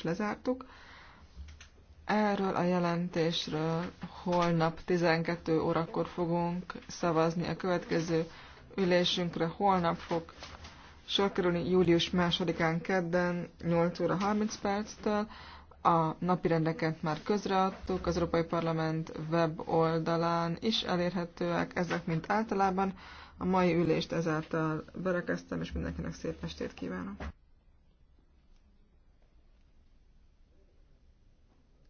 is lezártuk. Erről a jelentésről holnap 12 órakor fogunk szavazni a következő ülésünkre. Holnap fog sor kerülni július 2-án kedden 8 óra 30 perctől. A napirendeket már közreadtuk, az Európai Parlament web oldalán is elérhetőek, ezek mint általában. A mai ülést ezáltal berekeztem, és mindenkinek szép estét kívánok!